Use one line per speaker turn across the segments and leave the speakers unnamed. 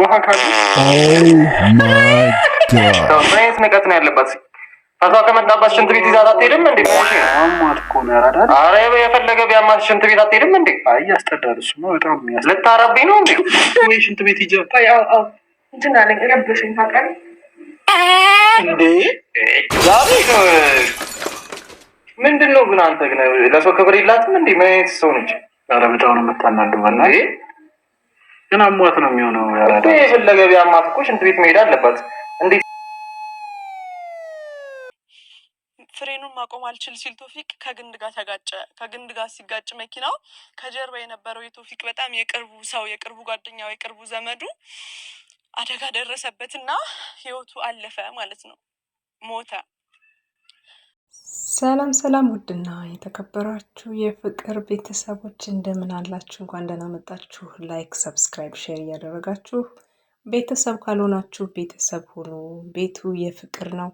ውሃ ካሉ ምን ንቀት ነው ያለባት? ፈቷ ከመጣባት ሽንት ቤት ይዛት አትሄድም እንዴ? አረ የፈለገ ቢያማት ሽንት ቤት አትሄድም እንዴ?
አይ ያስጠዳል። እሱማ በጣም
ልታረቢ ነው እንዴ?
ወይ ሽንት ቤት ይጃ
ምንድን ነው ግን አንተ ግን ለሰው ክብር የላትም እንዴ? ምን አይነት ሰው ነች?
አረ በጣም ነው የምታናድበና ግን አሟት ነው የሚሆነው። ያራዳ
የፈለገ ቢያማት እኮ ሽንት ቤት መሄድ አለባት። እንዴት
ፍሬኑን ማቆም አልችል ሲል ቶፊቅ ከግንድ ጋር ተጋጨ። ከግንድ ጋር ሲጋጭ መኪናው ከጀርባ የነበረው የቶፊቅ በጣም የቅርቡ ሰው፣ የቅርቡ ጓደኛው፣ የቅርቡ ዘመዱ አደጋ ደረሰበት ደረሰበትና ህይወቱ አለፈ ማለት ነው። ሞተ።
ሰላም ሰላም ውድና የተከበራችሁ የፍቅር ቤተሰቦች እንደምን አላችሁ? እንኳን ደህና መጣችሁ። ላይክ፣ ሰብስክራይብ፣ ሼር እያደረጋችሁ ቤተሰብ ካልሆናችሁ ቤተሰብ ሁኑ። ቤቱ የፍቅር ነው።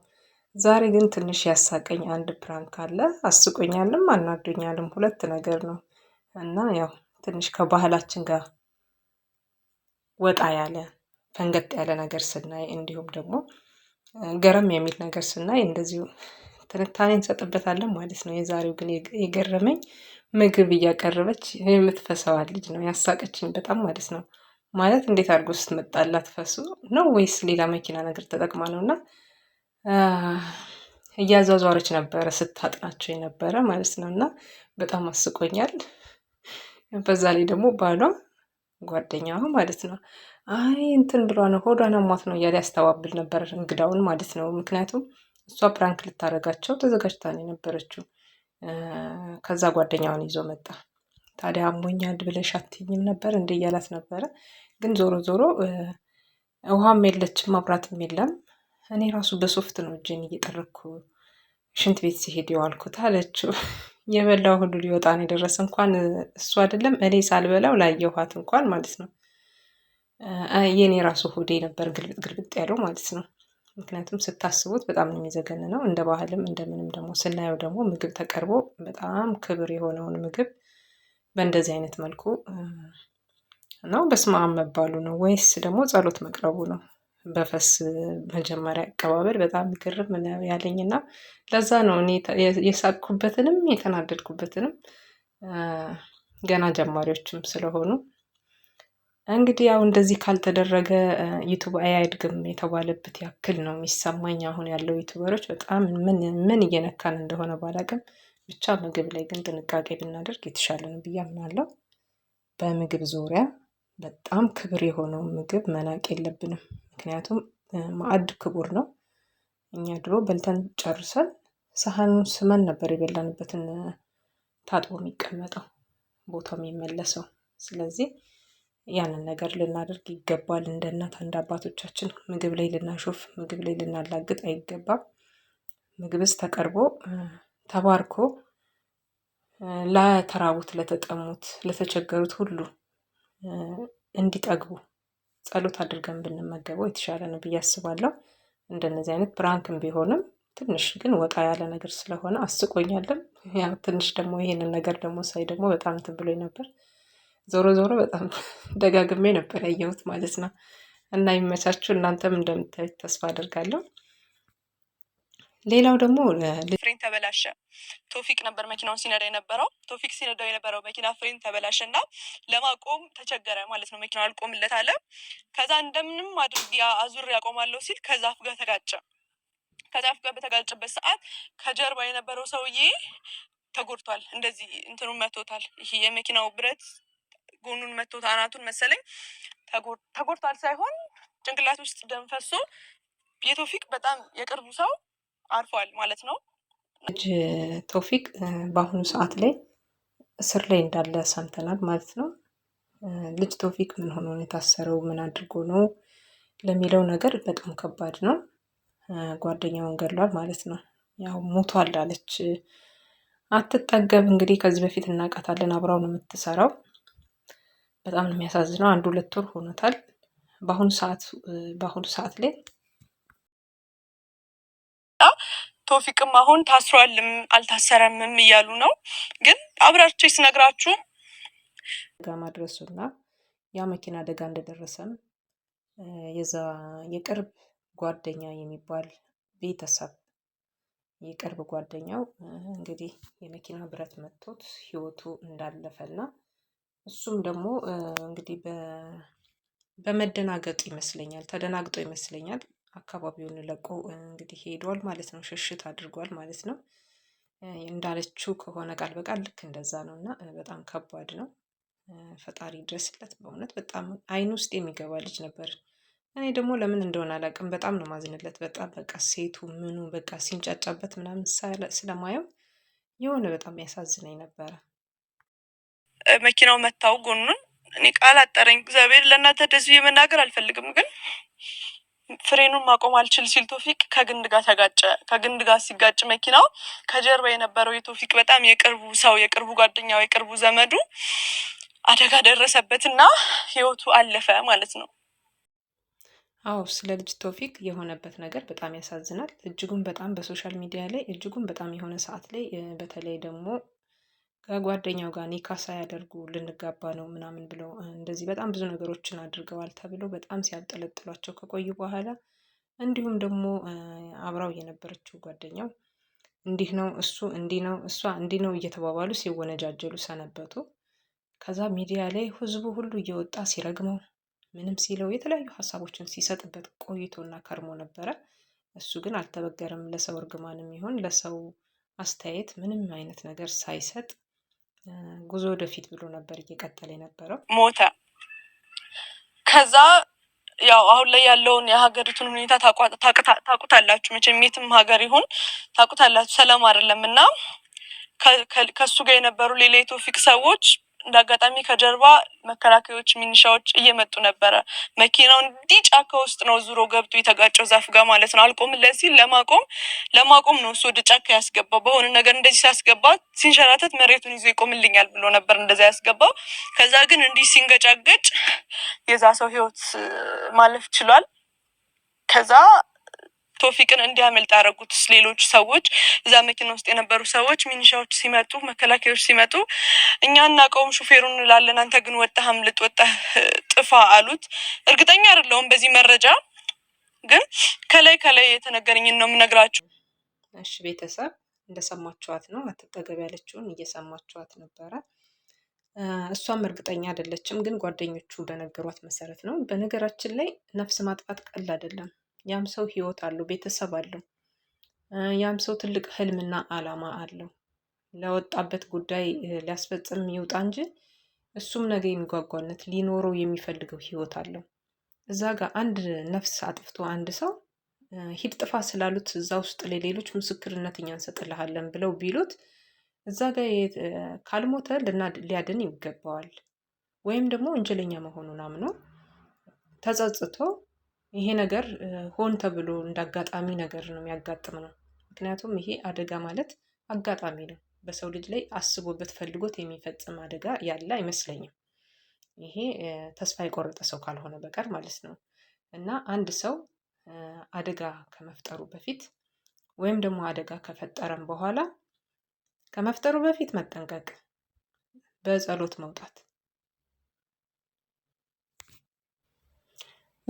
ዛሬ ግን ትንሽ ያሳቀኝ አንድ ፕራንክ አለ። አስቆኛልም አናዶኛልም ሁለት ነገር ነው እና ያው ትንሽ ከባህላችን ጋር ወጣ ያለ ፈንገጥ ያለ ነገር ስናይ እንዲሁም ደግሞ ገረም የሚል ነገር ስናይ እንደዚሁ ትንታኔ እንሰጥበታለን ማለት ነው። የዛሬው ግን የገረመኝ ምግብ እያቀረበች የምትፈሰዋ ልጅ ነው ያሳቀችኝ በጣም ማለት ነው። ማለት እንዴት አድርጎ ስትመጣላት ፈሱ ነው ወይስ ሌላ መኪና ነገር ተጠቅማ ነው? እና እያዟዟረች ነበረ ስታጥናቸው የነበረ ማለት ነው። እና በጣም አስቆኛል። በዛ ላይ ደግሞ ባሏ ጓደኛዋ ማለት ነው አይ እንትን ብሏ ነው ሆዷን አሟት ነው እያለ ያስተባብል ነበር እንግዳውን ማለት ነው ምክንያቱም እሷ ፕራንክ ልታደርጋቸው ተዘጋጅታ ነው የነበረችው። ከዛ ጓደኛውን ይዞ መጣ። ታዲያ አሞኛል ብለሽ አትይኝም ነበር እንደ እያላት ነበረ። ግን ዞሮ ዞሮ ውሃም የለችም መብራትም የለም። እኔ ራሱ በሶፍት ነው እጄን እየጠረኩ ሽንት ቤት ሲሄድ የዋልኩት አለችው። የበላው ሁሉ ሊወጣ ነው የደረሰ። እንኳን እሱ አይደለም እኔ ሳልበላው ላየኋት እንኳን ማለት ነው። የኔ ራሱ ሆዴ ነበር ግልብጥ ግልብጥ ያለው ማለት ነው። ምክንያቱም ስታስቡት በጣም ነው እንደ ባህልም እንደምንም ደግሞ ስናየው ደግሞ ምግብ ተቀርቦ በጣም ክብር የሆነውን ምግብ በእንደዚህ አይነት መልኩ ነው በስመ አብ መባሉ ነው ወይስ ደግሞ ጸሎት መቅረቡ ነው? በፈስ መጀመሪያ አቀባበል በጣም ግርም ያለኝና ለዛ ነው እኔ የሳቅኩበትንም የተናደድኩበትንም ገና ጀማሪዎችም ስለሆኑ እንግዲህ ያው እንደዚህ ካልተደረገ ዩቱብ አያድግም የተባለበት ያክል ነው የሚሰማኝ። አሁን ያለው ዩቱበሮች በጣም ምን ምን እየነካን እንደሆነ ባላቅም ብቻ ምግብ ላይ ግን ጥንቃቄ ብናደርግ የተሻለ ነው ብዬ አምናለሁ። በምግብ ዙሪያ በጣም ክብር የሆነው ምግብ መናቅ የለብንም። ምክንያቱም ማዕድ ክቡር ነው። እኛ ድሮ በልተን ጨርሰን ሳህኑን ስመን ነበር የበላንበትን ታጥቦ የሚቀመጠው ቦታው የሚመለሰው። ስለዚህ ያንን ነገር ልናደርግ ይገባል። እንደ እናት እንደ አባቶቻችን ምግብ ላይ ልናሾፍ፣ ምግብ ላይ ልናላግጥ አይገባም። ምግብስ ተቀርቦ ተባርኮ ለተራቡት፣ ለተጠሙት፣ ለተቸገሩት ሁሉ እንዲጠግቡ ጸሎት አድርገን ብንመገበው የተሻለ ነው ብዬ አስባለሁ። እንደነዚህ አይነት ብራንክም ቢሆንም ትንሽ ግን ወጣ ያለ ነገር ስለሆነ አስቆኛለም። ያው ትንሽ ደግሞ ይሄንን ነገር ደግሞ ሳይ ደግሞ በጣም እንትን ብሎኝ ነበር። ዞሮ ዞሮ በጣም ደጋግሜ ነበር ያየሁት ማለት ነው። እና ይመቻችሁ። እናንተም እንደምታዩት ተስፋ አደርጋለሁ። ሌላው ደግሞ
ፍሬን ተበላሸ። ቶፊቅ ነበር መኪናውን ሲነዳ የነበረው። ቶፊቅ ሲነዳው የነበረው መኪና ፍሬን ተበላሸ እና ለማቆም ተቸገረ ማለት ነው። መኪናው አልቆምለት አለ። ከዛ እንደምንም አድርግ አዙር ያቆማለሁ ሲል ከዛፍ ጋር ተጋጨ። ከዛፍ ጋር በተጋጨበት ሰዓት ከጀርባ የነበረው ሰውዬ ተጎድቷል። እንደዚህ እንትኑ መቶታል። ይሄ የመኪናው ብረት ጎኑን መቶት አናቱን መሰለኝ ተጎድቷል ሳይሆን ጭንቅላት ውስጥ ደም ፈሶ የቶፊቅ በጣም የቅርቡ ሰው አርፏል ማለት ነው።
እጅ ቶፊቅ በአሁኑ ሰዓት ላይ እስር ላይ እንዳለ ሰምተናል ማለት ነው። ልጅ ቶፊቅ ምን ሆኖ ነው የታሰረው? ምን አድርጎ ነው ለሚለው ነገር በጣም ከባድ ነው። ጓደኛውን ገድሏል ማለት ነው። ያው ሞቷል አለች አትጠገብ። እንግዲህ ከዚህ በፊት እናውቃታለን፣ አብራው ነው የምትሰራው በጣም ነው የሚያሳዝነው። አንድ ሁለት ወር ሆኖታል። በአሁኑ ሰዓት በአሁኑ ሰዓት ላይ
ቶፊቅም አሁን ታስሯልም አልታሰረምም እያሉ ነው። ግን አብራቸው ስነግራችሁ
ጋ ማድረሱና ያ መኪና አደጋ እንደደረሰም የዛ የቅርብ ጓደኛ የሚባል ቤተሰብ የቅርብ ጓደኛው እንግዲህ የመኪና ብረት መቶት ህይወቱ እንዳለፈና እሱም ደግሞ እንግዲህ በመደናገጥ ይመስለኛል ተደናግጦ ይመስለኛል አካባቢውን ለቆ እንግዲህ ሄዷል ማለት ነው። ሽሽት አድርጓል ማለት ነው። እንዳለችው ከሆነ ቃል በቃል ልክ እንደዛ ነው እና በጣም ከባድ ነው። ፈጣሪ ድረስለት። በእውነት በጣም አይን ውስጥ የሚገባ ልጅ ነበር። እኔ ደግሞ ለምን እንደሆነ አላውቅም፣ በጣም ነው ማዝንለት። በጣም በቃ ሴቱ ምኑ በቃ ሲንጫጫበት ምናምን ስለማየው የሆነ በጣም ያሳዝነኝ ነበረ።
መኪናው መታው ጎኑን። እኔ ቃል አጠረኝ። እግዚአብሔር ለእናንተ እንደዚህ መናገር አልፈልግም፣ ግን ፍሬኑን ማቆም አልችል ሲል ቶፊቅ ከግንድ ጋር ተጋጨ። ከግንድ ጋር ሲጋጭ መኪናው ከጀርባ የነበረው የቶፊቅ በጣም የቅርቡ ሰው፣ የቅርቡ ጓደኛው፣ የቅርቡ ዘመዱ አደጋ ደረሰበትና ህይወቱ አለፈ ማለት ነው።
አዎ ስለ ልጅ ቶፊቅ የሆነበት ነገር በጣም ያሳዝናል። እጅጉን በጣም በሶሻል ሚዲያ ላይ እጅጉን በጣም የሆነ ሰዓት ላይ በተለይ ደግሞ ከጓደኛው ጋር ኒካ ሳያደርጉ ልንጋባ ነው ምናምን ብለው እንደዚህ በጣም ብዙ ነገሮችን አድርገዋል ተብሎ በጣም ሲያብጠለጥሏቸው ከቆዩ በኋላ እንዲሁም ደግሞ አብራው የነበረችው ጓደኛው እንዲህ ነው እሱ እንዲህ ነው እሷ እንዲህ ነው እየተባባሉ ሲወነጃጀሉ ሰነበቱ። ከዛ ሚዲያ ላይ ህዝቡ ሁሉ እየወጣ ሲረግመው ምንም ሲለው የተለያዩ ሀሳቦችን ሲሰጥበት ቆይቶና ከርሞ ነበረ። እሱ ግን አልተበገረም። ለሰው እርግማንም ይሁን ለሰው አስተያየት ምንም አይነት ነገር ሳይሰጥ ጉዞ ወደፊት ብሎ ነበር እየቀጠለ የነበረው።
ሞተ። ከዛ ያው አሁን ላይ ያለውን የሀገሪቱን ሁኔታ ታቁታላችሁ። መቼም የትም ሀገር ይሁን ታቁታላችሁ። ሰላም አይደለም እና ከሱ ጋር የነበሩ ሌላ የቶፊቅ ሰዎች እንደ አጋጣሚ ከጀርባ መከላከያዎች ሚኒሻዎች እየመጡ ነበረ። መኪናው እንዲህ ጫካ ውስጥ ነው ዙሮ ገብቶ የተጋጨው ዛፍ ጋር ማለት ነው። አልቆምለት ሲል ለማቆም ለማቆም ነው እሱ ወደ ጫካ ያስገባው። በሆነ ነገር እንደዚህ ሲያስገባ ሲንሸራተት መሬቱን ይዞ ይቆምልኛል ብሎ ነበር እንደዛ ያስገባው። ከዛ ግን እንዲህ ሲንገጫገጭ የዛ ሰው ህይወት ማለፍ ችሏል። ከዛ ቶፊቅን እንዲያመልጥ ያደረጉት ሌሎች ሰዎች እዛ መኪና ውስጥ የነበሩ ሰዎች ሚኒሻዎች ሲመጡ መከላከያዎች ሲመጡ እኛ እናቀውም ሹፌሩ እንላለን፣ አንተ ግን ወጣህ አምልጥ፣ ወጣህ ጥፋ አሉት። እርግጠኛ አይደለሁም በዚህ መረጃ ግን ከላይ ከላይ የተነገረኝን ነው የምነግራችሁ።
እሺ ቤተሰብ እንደሰማችኋት ነው አትጠገብ ያለችውን እየሰማችኋት ነበረ። እሷም እርግጠኛ አይደለችም፣ ግን ጓደኞቹ በነገሯት መሰረት ነው። በነገራችን ላይ ነፍስ ማጥፋት ቀል አይደለም። ያም ሰው ህይወት አለው፣ ቤተሰብ አለው። ያም ሰው ትልቅ ህልምና አላማ አለው። ለወጣበት ጉዳይ ሊያስፈጽም ይውጣ እንጂ እሱም ነገ የሚጓጓነት ሊኖረው የሚፈልገው ህይወት አለው። እዛ ጋር አንድ ነፍስ አጥፍቶ አንድ ሰው ሂድ ጥፋ ስላሉት እዛ ውስጥ ለሌሎች ምስክርነት እኛ እንሰጥልሃለን ብለው ቢሉት እዛ ጋር ካልሞተ ሊያድን ይገባዋል። ወይም ደግሞ ወንጀለኛ መሆኑን አምኖ ተጸጽቶ ይሄ ነገር ሆን ተብሎ እንዳጋጣሚ ነገር ነው የሚያጋጥም ነው። ምክንያቱም ይሄ አደጋ ማለት አጋጣሚ ነው። በሰው ልጅ ላይ አስቦበት ፈልጎት የሚፈጽም አደጋ ያለ አይመስለኝም። ይሄ ተስፋ የቆረጠ ሰው ካልሆነ በቀር ማለት ነው። እና አንድ ሰው አደጋ ከመፍጠሩ በፊት ወይም ደግሞ አደጋ ከፈጠረም በኋላ ከመፍጠሩ በፊት መጠንቀቅ፣ በጸሎት መውጣት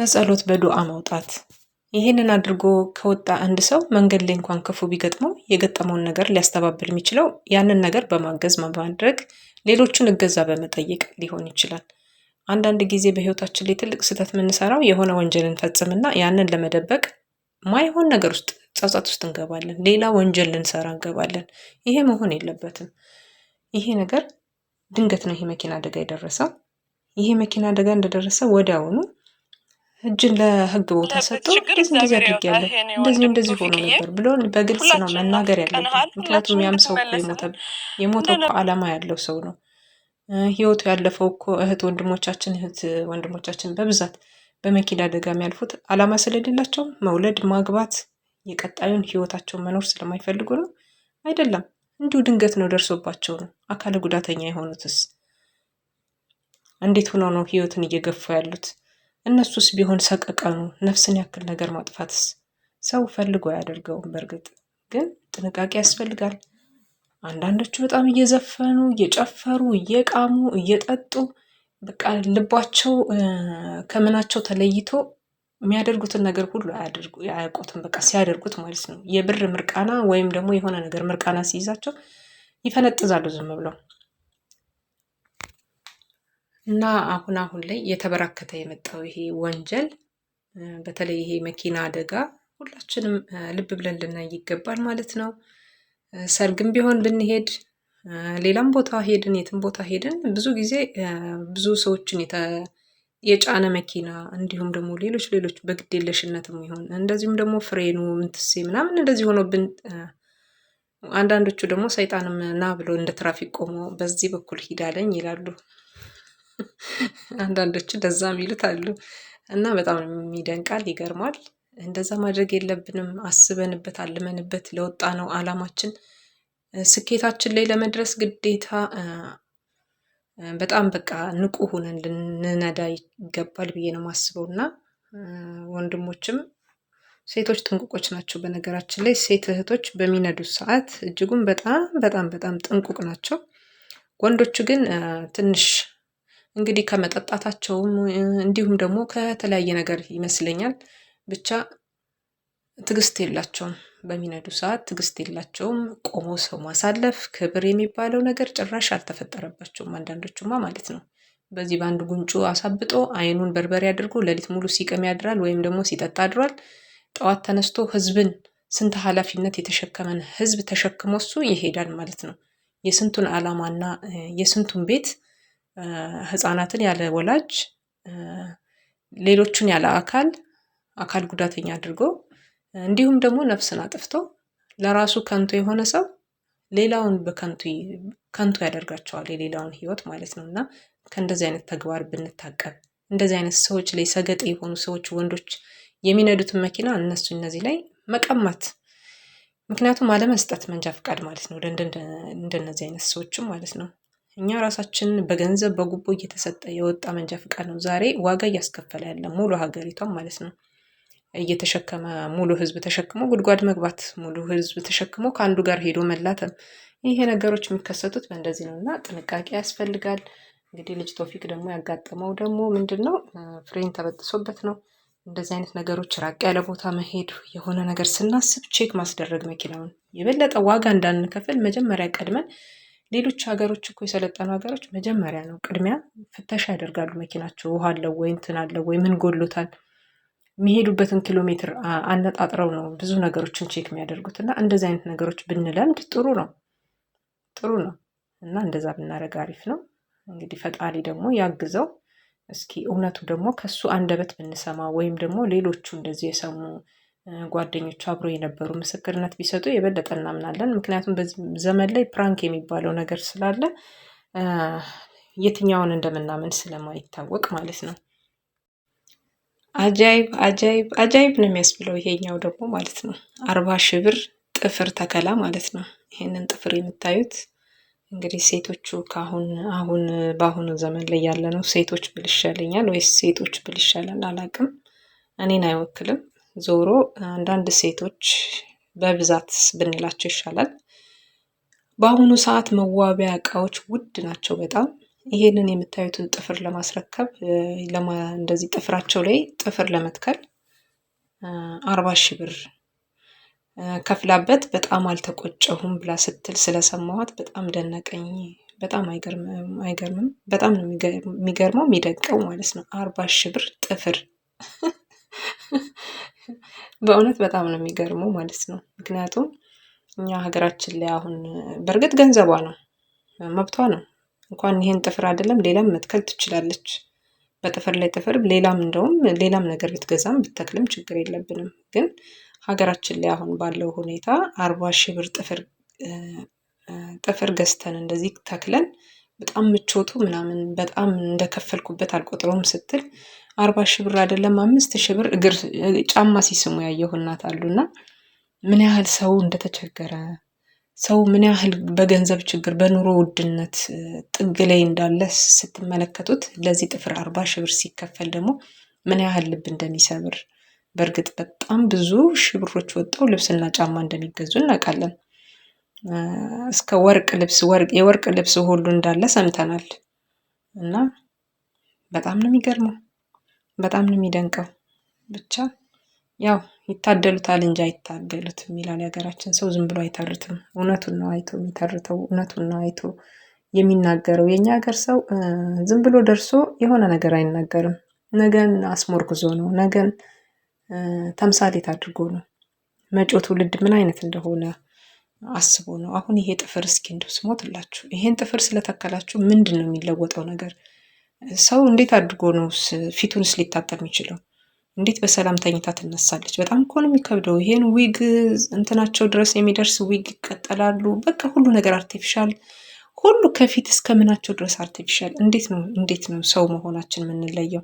በጸሎት በዱዓ መውጣት ይህንን አድርጎ ከወጣ አንድ ሰው መንገድ ላይ እንኳን ክፉ ቢገጥመው የገጠመውን ነገር ሊያስተባብል የሚችለው ያንን ነገር በማገዝ በማድረግ ሌሎቹን እገዛ በመጠየቅ ሊሆን ይችላል። አንዳንድ ጊዜ በህይወታችን ላይ ትልቅ ስህተት የምንሰራው የሆነ ወንጀል እንፈጽምና ያንን ለመደበቅ ማይሆን ነገር ውስጥ ጸጸት ውስጥ እንገባለን። ሌላ ወንጀል ልንሰራ እንገባለን። ይሄ መሆን የለበትም። ይሄ ነገር ድንገት ነው ይሄ መኪና አደጋ የደረሰው። ይሄ መኪና አደጋ እንደደረሰ ወዲያውኑ እጅን ለህግ ቦታ ሰጥቶ እንደዚህ እንደዚህ አድርጌያለሁ እንደዚህ እንደዚህ ሆኖ ነበር ብሎ በግልጽ ነው መናገር ያለበት። ምክንያቱም ያም ሰው የሞተው እኮ አላማ ያለው ሰው ነው። ህይወቱ ያለፈው እኮ እህት ወንድሞቻችን እህት ወንድሞቻችን በብዛት በመኪና አደጋ የሚያልፉት አላማ ስለሌላቸው መውለድ፣ ማግባት፣ የቀጣዩን ህይወታቸውን መኖር ስለማይፈልጉ ነው አይደለም። እንዲሁ ድንገት ነው ደርሶባቸው ነው። አካለ ጉዳተኛ የሆኑትስ እንዴት ሆኖ ነው ህይወትን እየገፉ ያሉት? እነሱስ ቢሆን ሰቀቀኑ ነፍስን ያክል ነገር ማጥፋትስ ሰው ፈልጎ አያደርገውም። በእርግጥ ግን ጥንቃቄ ያስፈልጋል። አንዳንዶቹ በጣም እየዘፈኑ እየጨፈሩ እየቃሙ እየጠጡ በቃ ልባቸው ከምናቸው ተለይቶ የሚያደርጉትን ነገር ሁሉ አያደርጉ አያውቁትም። በቃ ሲያደርጉት ማለት ነው የብር ምርቃና ወይም ደግሞ የሆነ ነገር ምርቃና ሲይዛቸው ይፈነጥዛሉ ዝም ብለው። እና አሁን አሁን ላይ እየተበራከተ የመጣው ይሄ ወንጀል በተለይ ይሄ መኪና አደጋ ሁላችንም ልብ ብለን ልናይ ይገባል ማለት ነው። ሰርግም ቢሆን ብንሄድ ሌላም ቦታ ሄድን፣ የትም ቦታ ሄድን፣ ብዙ ጊዜ ብዙ ሰዎችን የጫነ መኪና እንዲሁም ደግሞ ሌሎች ሌሎች የለሽነትም ይሆን እንደዚሁም ደግሞ ፍሬኑ ምንትሴ ምናምን እንደዚህ ሆኖብን አንዳንዶቹ ደግሞ ሰይጣንም ና ብሎ እንደ ትራፊክ ቆሞ በዚህ በኩል ሂዳለኝ ይላሉ። አንዳንዶቹ እንደዛ የሚሉት አሉ እና በጣም የሚደንቃል፣ ይገርማል። እንደዛ ማድረግ የለብንም። አስበንበት አልመንበት ለወጣ ነው አላማችን ስኬታችን ላይ ለመድረስ ግዴታ በጣም በቃ ንቁ ሁነን ልንነዳ ይገባል ብዬ ነው የማስበው። እና ወንድሞችም ሴቶች ጥንቁቆች ናቸው። በነገራችን ላይ ሴት እህቶች በሚነዱ ሰዓት እጅጉን በጣም በጣም በጣም ጥንቁቅ ናቸው። ወንዶቹ ግን ትንሽ እንግዲህ ከመጠጣታቸውም እንዲሁም ደግሞ ከተለያየ ነገር ይመስለኛል ብቻ ትዕግስት የላቸውም። በሚነዱ ሰዓት ትዕግስት የላቸውም። ቆሞ ሰው ማሳለፍ ክብር የሚባለው ነገር ጭራሽ አልተፈጠረባቸውም። አንዳንዶቹማ ማለት ነው በዚህ በአንድ ጉንጩ አሳብጦ አይኑን በርበሬ አድርጎ ሌሊት ሙሉ ሲቅም ያድራል፣ ወይም ደግሞ ሲጠጣ አድሯል። ጠዋት ተነስቶ ህዝብን ስንት ኃላፊነት የተሸከመን ህዝብ ተሸክሞ እሱ ይሄዳል ማለት ነው። የስንቱን ዓላማና የስንቱን ቤት ህፃናትን ያለ ወላጅ ሌሎችን ያለ አካል አካል ጉዳተኛ አድርጎ እንዲሁም ደግሞ ነፍስን አጥፍቶ ለራሱ ከንቱ የሆነ ሰው ሌላውን በከንቱ ከንቱ ያደርጋቸዋል የሌላውን ህይወት ማለት ነው እና ከእንደዚህ አይነት ተግባር ብንታቀብ እንደዚህ አይነት ሰዎች ላይ ሰገጤ የሆኑ ሰዎች ወንዶች የሚነዱትን መኪና እነሱ እነዚህ ላይ መቀማት ምክንያቱም አለመስጠት መንጃ ፈቃድ ማለት ነው እንደነዚህ አይነት ሰዎችም ማለት ነው እኛ ራሳችን በገንዘብ በጉቦ እየተሰጠ የወጣ መንጃ ፍቃድ ነው ዛሬ ዋጋ እያስከፈለ ያለ ሙሉ ሀገሪቷም ማለት ነው። እየተሸከመ ሙሉ ህዝብ ተሸክሞ ጉድጓድ መግባት፣ ሙሉ ህዝብ ተሸክሞ ከአንዱ ጋር ሄዶ መላተም፣ ይሄ ነገሮች የሚከሰቱት በእንደዚህ ነው እና ጥንቃቄ ያስፈልጋል። እንግዲህ ልጅ ቶፊቅ ደግሞ ያጋጠመው ደግሞ ምንድን ነው ፍሬን ተበጥሶበት ነው። እንደዚህ አይነት ነገሮች ራቅ ያለ ቦታ መሄድ፣ የሆነ ነገር ስናስብ ቼክ ማስደረግ መኪናውን የበለጠ ዋጋ እንዳንከፍል መጀመሪያ ቀድመን ሌሎች ሀገሮች እኮ የሰለጠኑ ሀገሮች መጀመሪያ ነው ቅድሚያ ፍተሻ ያደርጋሉ መኪናቸው ውሃ አለው ወይ እንትን አለው ወይ ምን ጎሎታል የሚሄዱበትን ኪሎ ሜትር አነጣጥረው ነው ብዙ ነገሮችን ቼክ የሚያደርጉት እና እንደዚህ አይነት ነገሮች ብንለምድ ጥሩ ነው ጥሩ ነው እና እንደዛ ብናደርግ አሪፍ ነው እንግዲህ ፈጣሪ ደግሞ ያግዘው እስኪ እውነቱ ደግሞ ከሱ አንደበት ብንሰማ ወይም ደግሞ ሌሎቹ እንደዚህ የሰሙ ጓደኞቹ አብሮ የነበሩ ምስክርነት ቢሰጡ የበለጠ እናምናለን። ምክንያቱም በዚህ ዘመን ላይ ፕራንክ የሚባለው ነገር ስላለ የትኛውን እንደምናምን ስለማይታወቅ ማለት ነው። አጃይብ አጃይብ አጃይብ ነው የሚያስብለው ይሄኛው ደግሞ ማለት ነው። አርባ ሺህ ብር ጥፍር ተከላ ማለት ነው። ይሄንን ጥፍር የምታዩት እንግዲህ ሴቶቹ ከአሁን አሁን በአሁኑ ዘመን ላይ ያለ ነው። ሴቶች ብልሻለኛል ወይስ ሴቶች ብልሻለን አላቅም። እኔን አይወክልም። ዞሮ አንዳንድ ሴቶች በብዛት ብንላቸው ይሻላል። በአሁኑ ሰዓት መዋቢያ እቃዎች ውድ ናቸው በጣም። ይሄንን የምታዩትን ጥፍር ለማስረከብ እንደዚህ ጥፍራቸው ላይ ጥፍር ለመትከል አርባ ሺህ ብር ከፍላበት በጣም አልተቆጨሁም ብላ ስትል ስለሰማኋት በጣም ደነቀኝ። በጣም አይገርምም? በጣም ነው የሚገርመው የሚደንቀው ማለት ነው። አርባ ሺህ ብር ጥፍር በእውነት በጣም ነው የሚገርመው ማለት ነው። ምክንያቱም እኛ ሀገራችን ላይ አሁን በእርግጥ ገንዘቧ ነው መብቷ ነው እንኳን ይሄን ጥፍር አይደለም ሌላም መትከል ትችላለች። በጥፍር ላይ ጥፍር ሌላም እንደውም ሌላም ነገር ብትገዛም ብትተክልም ችግር የለብንም። ግን ሀገራችን ላይ አሁን ባለው ሁኔታ አርባ ሺህ ብር ጥፍር ጥፍር ገዝተን እንደዚህ ተክለን በጣም ምቾቱ ምናምን በጣም እንደከፈልኩበት አልቆጥረውም ስትል አርባ ሺህ ብር አይደለም አምስት ሺህ ብር እግር ጫማ ሲስሙ ያየሁ እናት አሉና ምን ያህል ሰው እንደተቸገረ ሰው ምን ያህል በገንዘብ ችግር በኑሮ ውድነት ጥግ ላይ እንዳለ ስትመለከቱት ለዚህ ጥፍር አርባ ሺህ ብር ሲከፈል ደግሞ ምን ያህል ልብ እንደሚሰብር በእርግጥ በጣም ብዙ ሺህ ብሮች ወጥተው ልብስና ጫማ እንደሚገዙ እናውቃለን። እስከ ወርቅ ልብስ የወርቅ ልብስ ሁሉ እንዳለ ሰምተናል እና በጣም ነው የሚገርመው። በጣም ነው የሚደንቀው። ብቻ ያው ይታደሉታል እንጂ አይታገሉትም ይላል የሀገራችን ሰው ዝም ብሎ አይተርትም። እውነቱን ነው አይቶ የሚተርተው እውነቱን ነው አይቶ የሚናገረው። የእኛ ሀገር ሰው ዝም ብሎ ደርሶ የሆነ ነገር አይናገርም። ነገን አስሞርግዞ ነው፣ ነገን ተምሳሌት አድርጎ ነው። መጪው ትውልድ ምን አይነት እንደሆነ አስቦ ነው። አሁን ይሄ ጥፍር እስኪ እንደው ስሞትላችሁ ይሄን ጥፍር ስለተከላችሁ ምንድን ነው የሚለወጠው ነገር? ሰው እንዴት አድርጎ ነው ፊቱንስ ሊታጠብ የሚችለው? እንዴት በሰላም ተኝታ ትነሳለች? በጣም እኮ ነው የሚከብደው። ይሄን ዊግ እንትናቸው ድረስ የሚደርስ ዊግ ይቀጠላሉ። በቃ ሁሉ ነገር አርቲፊሻል፣ ሁሉ ከፊት እስከ ምናቸው ድረስ አርቲፊሻል። እንዴት ነው እንዴት ነው ሰው መሆናችን የምንለየው?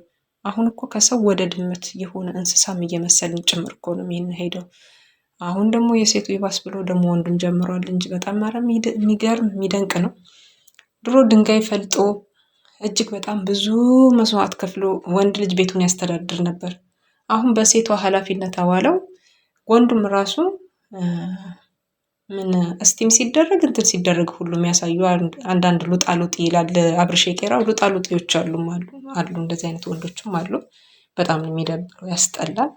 አሁን እኮ ከሰው ወደ ድመት የሆነ እንስሳም እየመሰልን ጭምር እኮ ነው ሄደው። አሁን ደግሞ የሴቱ ይባስ ብሎ ደግሞ ወንዱን ጀምሯል እንጂ በጣም ኧረ የሚገርም የሚደንቅ ነው። ድሮ ድንጋይ ፈልጦ እጅግ በጣም ብዙ መስዋዕት ከፍሎ ወንድ ልጅ ቤቱን ያስተዳድር ነበር። አሁን በሴቷ ኃላፊነት አዋለው። ወንዱም ራሱ ምን እስቲም ሲደረግ እንትን ሲደረግ ሁሉ የሚያሳዩ አንዳንድ ሉጣ ሉጥ ይላል አብርሽ የቄራው ሉጣ ሉጤዎች አሉ አሉ እንደዚህ አይነት ወንዶችም አሉ። በጣም ነው የሚደብረው፣ ያስጠላል።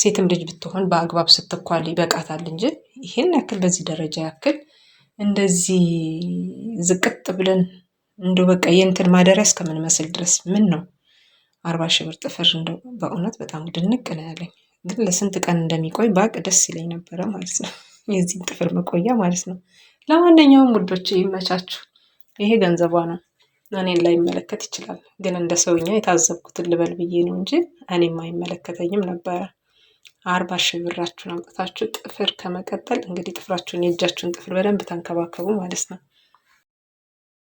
ሴትም ልጅ ብትሆን በአግባብ ስትኳል ይበቃታል እንጂ ይህን ያክል በዚህ ደረጃ ያክል እንደዚህ ዝቅጥ ብለን እንደው በቃ የእንትን ማደሪያ እስከምንመስል ድረስ ምን ነው አርባ ሺህ ብር ጥፍር እንደው በእውነት በጣም ድንቅ ነው ያለኝ። ግን ለስንት ቀን እንደሚቆይ ባቅ ደስ ይለኝ ነበረ ማለት ነው። የዚህም ጥፍር መቆያ ማለት ነው። ለማንኛውም ውዶች ይመቻችሁ። ይሄ ገንዘቧ ነው። እኔን ላይመለከት ይችላል፣ ግን እንደ ሰውኛ የታዘብኩትን ልበል ብዬ ነው እንጂ እኔም አይመለከተኝም ነበረ። አርባ ሺህ ብራችሁን አምጥታችሁ ጥፍር ከመቀጠል እንግዲህ ጥፍራችሁን የእጃችሁን ጥፍር በደንብ ተንከባከቡ ማለት ነው።